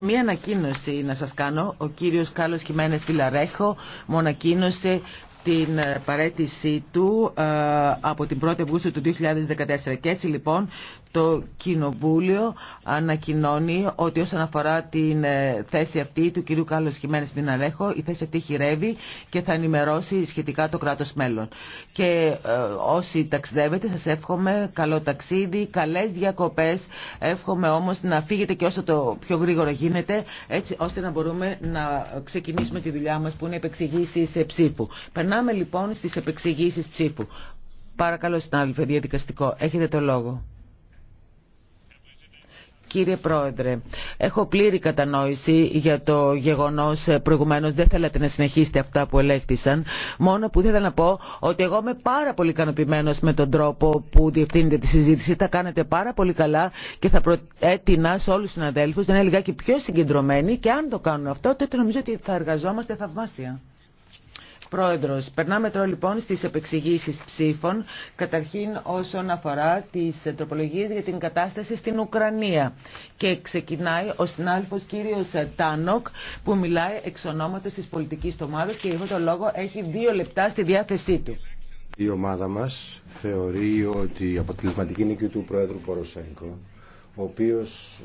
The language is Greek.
Μία ανακοίνωση να σας κάνω. Ο κύριος Κάλλος Χιμένες Φιλαρέχο μου ανακοίνωσε την ε, παρέτησή του ε, από την 1η Αυγούστου του 2014. Και έτσι λοιπόν το Κοινοβούλιο ανακοινώνει ότι όσον αφορά την ε, θέση αυτή του κυρίου Κάλλος Χιμένες Μιναρέχο η θέση αυτή χειρεύει και θα ενημερώσει σχετικά το κράτος μέλλον. Και όσοι ταξιδεύετε σας εύχομαι καλό ταξίδι, καλές διακοπές, εύχομαι όμως να φύγετε και όσο το πιο γρήγορο γίνεται έτσι ώστε να μπορούμε να ξεκινήσουμε τη δουλειά μας που είναι επεξηγήσεις σε ψήφου. Περνάμε λοιπόν στις επεξηγήσεις ψήφου. Παρακαλώ συνάδελφε διαδικαστικό, έχετε το λόγο. Κύριε Πρόεδρε, έχω πλήρη κατανόηση για το γεγονό ε, προηγουμένω. Δεν θέλατε να συνεχίσετε αυτά που ελέγχθησαν. Μόνο που ήθελα να πω ότι εγώ είμαι πάρα πολύ ικανοποιημένο με τον τρόπο που διευθύνετε τη συζήτηση. Τα κάνετε πάρα πολύ καλά και θα προέτεινα σε όλου του συναδέλφου να είναι λιγάκι πιο συγκεντρωμένοι και αν το κάνουν αυτό, τότε νομίζω ότι θα εργαζόμαστε θαυμάσια. Πρόεδρος, περνάμε τώρα λοιπόν στις επεξηγήσεις ψήφων, καταρχήν όσον αφορά τις τροπολογίες για την κατάσταση στην Ουκρανία. Και ξεκινάει ο συνάδελφο κύριος Τάνοκ που μιλάει εξ ονόματος της πολιτικής ομάδας και για το λόγο έχει δύο λεπτά στη διάθεσή του. Η ομάδα μας θεωρεί ότι η αποτελεσματική νίκη του Πρόεδρου Ποροσέγκο, ο οποίος